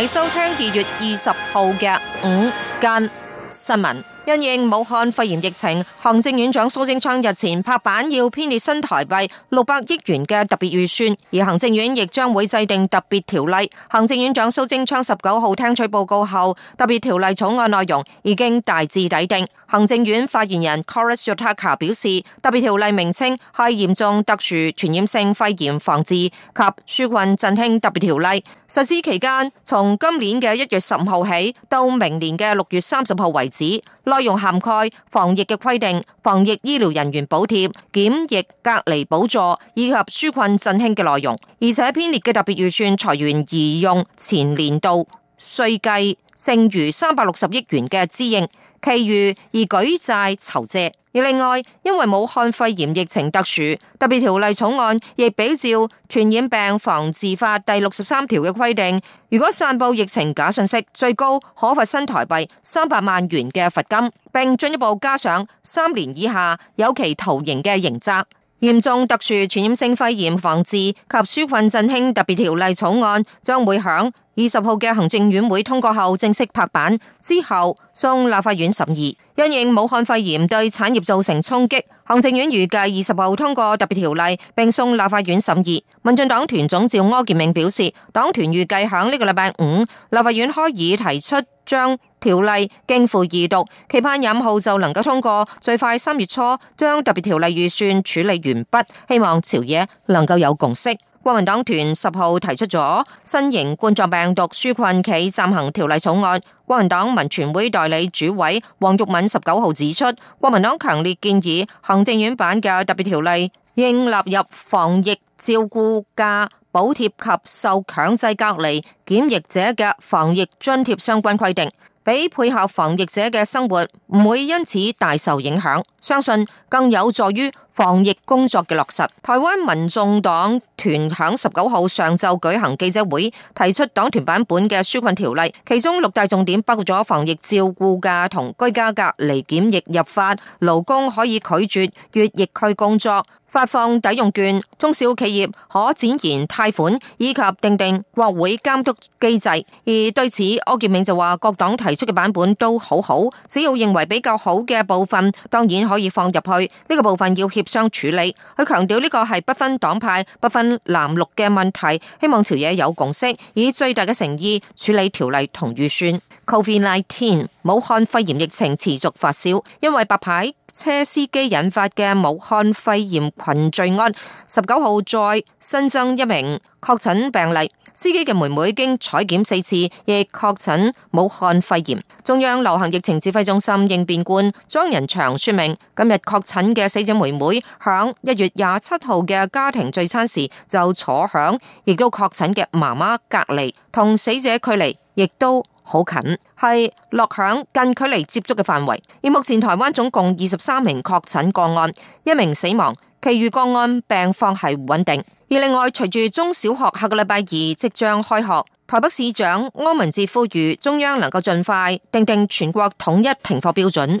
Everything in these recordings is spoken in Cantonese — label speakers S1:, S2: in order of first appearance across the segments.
S1: 你收聽二月二十號嘅午間新聞。因應武漢肺炎疫情，行政院長蘇貞昌日前拍板要編列新台幣六百億元嘅特別預算，而行政院亦將會制定特別條例。行政院長蘇貞昌十九號聽取報告後，特別條例草案內容已經大致抵定。行政院發言人 Kolas Yotaka 表示，特別條例名稱係《嚴重特殊傳染性肺炎防治及紓困振興特別條例》，實施期間從今年嘅一月十五號起到明年嘅六月三十號為止。內容涵蓋防疫嘅規定、防疫醫療人員補貼、檢疫隔離補助以及紓困振興嘅內容，而且編列嘅特別預算財源移用前年度歲計剩餘三百六十億元嘅支應，其餘而舉債籌借，而另外因為武漢肺炎疫情特殊，特別條例草案亦比照傳染病防治法第六十三條嘅規定，如果散布疫情假信息，最高可罰新台幣三百萬元嘅罰金，並進一步加上三年以下有期徒刑嘅刑責。嚴重特殊傳染性肺炎防治及紓困振興特別條例草案將會響。二十號嘅行政院會通過後正式拍板，之後送立法院審議。因應武漢肺炎對產業造成衝擊，行政院預計二十號通過特別條例，並送立法院審議。民進黨團總召柯建銘表示，黨團預計喺呢個禮拜五立法院開議，提出將條例逕付二讀，期盼廿號就能夠通過，最快三月初將特別條例預算處理完畢，希望朝野能夠有共識。國民黨團十號提出咗新型冠狀病毒紓困期暫行條例草案，國民黨民權會代理主委黃玉敏十九號指出，國民黨強烈建議行政院版嘅特別條例應納入防疫照顧假補貼及受強制隔離檢疫者嘅防疫津貼相關規定，俾配合防疫者嘅生活唔會因此大受影響，相信更有助於。防疫工作嘅落實，台灣民眾黨團響十九號上晝舉行記者會，提出黨團版本嘅紓困條例，其中六大重點包括咗防疫照顧假同居家隔離檢疫入法，勞工可以拒絕越疫區工作，發放抵用券，中小企業可展延貸款，以及訂定定國會監督機制。而對此，柯建銘就話各黨提出嘅版本都好好，只要認為比較好嘅部分，當然可以放入去呢、這個部分要協。相處理，佢強調呢個係不分黨派、不分藍綠嘅問題，希望朝野有共識，以最大嘅誠意處理條例同預算。COVID-19 武漢肺炎疫情持續發燒，因為白牌車司機引發嘅武漢肺炎群聚案，十九號再新增一名確診病例。司機嘅妹妹經採檢四次，亦確診武漢肺炎。中央流行疫情指揮中心應變官莊人祥說明，今日確診嘅死者妹妹響一月廿七號嘅家庭聚餐時就坐響，亦都確診嘅媽媽隔籬，同死者距離亦都好近，係落響近距離接觸嘅範圍。而目前台灣總共二十三名確診個案，一名死亡，其餘個案病況係穩定。而另外，隨住中小學下個禮拜二即將開學，台北市長柯文哲呼籲中央能夠盡快訂定定全國統一停課標準。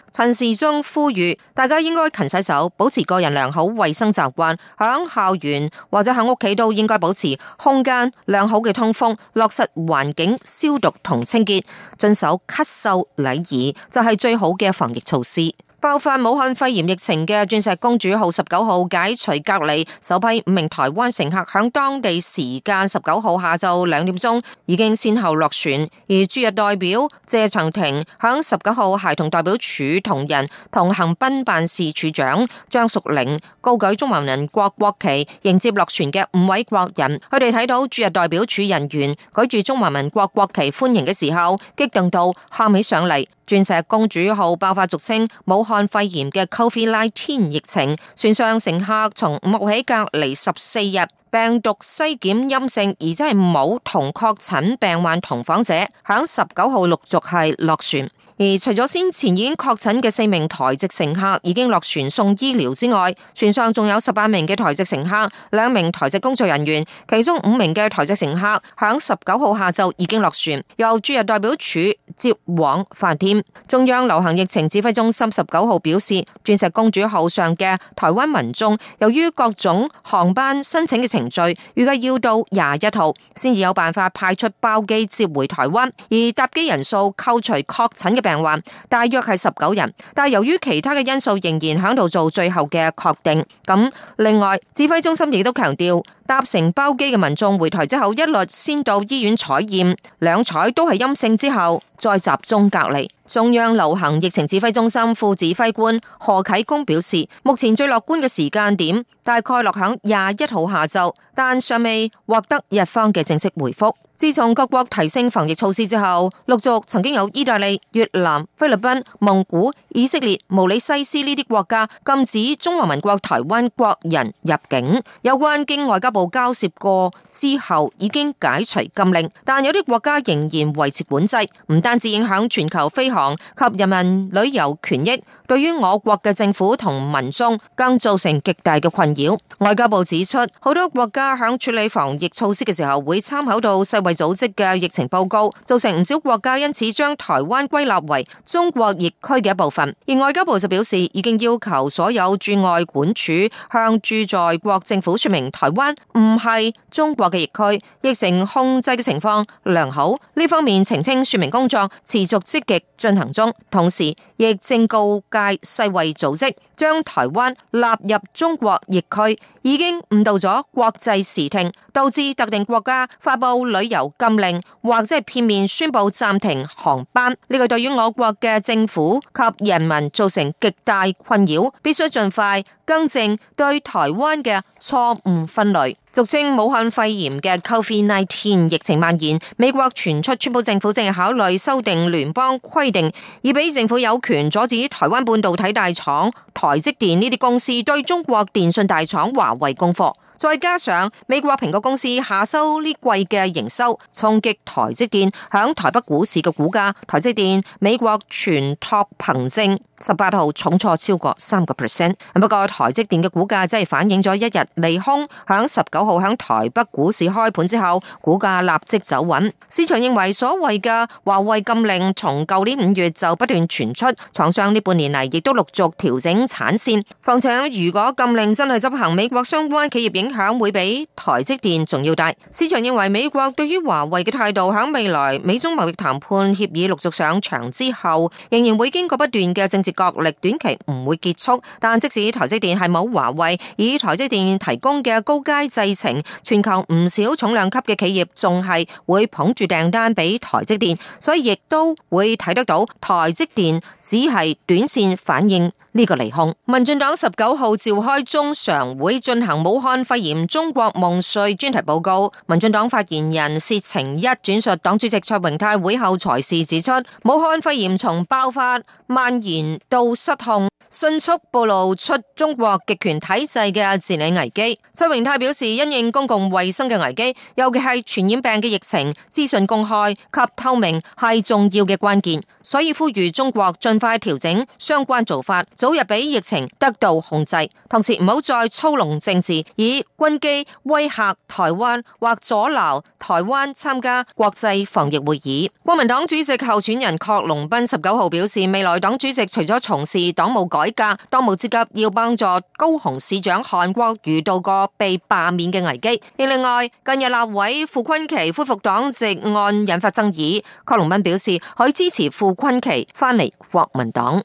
S1: 陳時中呼籲大家應該勤洗手，保持個人良好衛生習慣。響校園或者響屋企都應該保持空間良好嘅通風，落實環境消毒同清潔，遵守咳嗽禮儀，就係、是、最好嘅防疫措施。爆發武漢肺炎疫情嘅鑽石公主號十九號解除隔離，首批五名台灣乘客響當地時間十九號下晝兩點鐘已經先後落船，而駐日代表謝長廷響十九號偕同代表處同仁、同行賓辦事處長張淑玲高舉中華民國國旗迎接落船嘅五位國人，佢哋睇到駐日代表處人員舉住中華民國國旗歡迎嘅時候，激動到喊起上嚟。鑽石公主號爆發俗稱武漢看肺炎嘅 COVID-19 疫情，船上乘客從五號起隔離十四日，病毒篩檢陰性，而且係冇同確診病患同房者，響十九號陸續係落船。而除咗先前已經確診嘅四名台籍乘客已經落船送醫療之外，船上仲有十八名嘅台籍乘客，兩名台籍工作人員，其中五名嘅台籍乘客響十九號下晝已經落船，由駐日代表處。接往飯店。中央流行疫情指揮中心十九號表示，鑽石公主號上嘅台灣民眾由於各種航班申請嘅程序，預計要到廿一號先至有辦法派出包機接回台灣，而搭機人數扣除確診嘅病患，大約係十九人，但係由於其他嘅因素，仍然響度做最後嘅確定。咁另外，指揮中心亦都強調，搭乘包機嘅民眾回台之後，一律先到醫院採驗，兩採都係陰性之後。再集中隔離。中央流行疫情指揮中心副指揮官何啟功表示，目前最樂觀嘅時間點大概落響廿一號下晝，但尚未獲得日方嘅正式回覆。自從各國提升防疫措施之後，陸續曾經有意大利、越南、菲律賓、蒙古、以色列、毛里西斯呢啲國家禁止中華民國台灣國人入境。有關經外交部交涉過之後，已經解除禁令，但有啲國家仍然維持管制，唔單止影響全球飛航及人民旅遊權益，對於我國嘅政府同民眾更造成極大嘅困擾。外交部指出，好多國家響處理防疫措施嘅時候，會參考到世衛。組織嘅疫情報告，造成唔少國家因此將台灣歸納為中國疫區嘅一部分。而外交部就表示，已經要求所有駐外館處向駐在國政府說明台灣唔係中國嘅疫區，疫情控制嘅情況良好。呢方面澄清說明工作持續積極進行中，同時亦正告誡世衛組織將台灣納入中國疫區已經誤導咗國際視聽，導致特定國家發布旅遊。禁令或者係片面宣布暫停航班，呢、這個對於我國嘅政府及人民造成極大困擾，必須盡快更正對台灣嘅錯誤分類。俗稱武漢肺炎嘅 COVID-19 疫情蔓延，美國傳出川普政府正係考慮修訂聯邦規定，以俾政府有權阻止台灣半導體大廠台積電呢啲公司對中國電信大廠華為供貨。再加上美國蘋果公司下收呢季嘅營收，衝擊台積電，響台北股市嘅股價。台積電美國全託憑證十八號重挫超過三個 percent。不過台積電嘅股價真係反映咗一日利空，響十九號響台北股市開盤之後，股價立即走穩。市場認為所謂嘅華為禁令，從舊年五月就不斷傳出，廠商呢半年嚟亦都陸續調整產線。況且如果禁令真係執行，美國相關企業影會比台積電仲要大。市場認為美國對於華為嘅態度，喺未來美中貿易談判協議陸續上場之後，仍然會經過不斷嘅政治角力，短期唔會結束。但即使台積電係冇華為，以台積電提供嘅高階製程，全球唔少重量級嘅企業仲係會捧住訂單俾台積電，所以亦都會睇得到台積電只係短線反映呢個利空。民進黨十九號召開中常會進行武漢肺《嚴中國夢碎》專題報告，民進黨發言人薛呈懿轉述黨主席卓榮泰會後才事指出，武漢肺炎從爆發蔓延到失控。迅速暴露出中國極權體制嘅治理危機。崔榮泰表示，因應公共衛生嘅危機，尤其係傳染病嘅疫情，資訊公開及透明係重要嘅關鍵，所以呼籲中國盡快調整相關做法，早日俾疫情得到控制。同時唔好再操弄政治，以軍機威嚇台灣或阻撓台灣參加國際防疫會議。國民黨主席候選人郝龍斌十九號表示，未來黨主席除咗從事黨務。改革，當務之急要幫助高雄市長韓國瑜遇到個被罷免嘅危機。另外，近日立委傅崐萁恢復黨籍案引發爭議，郝龍斌表示可以支持傅崐萁返嚟國民黨。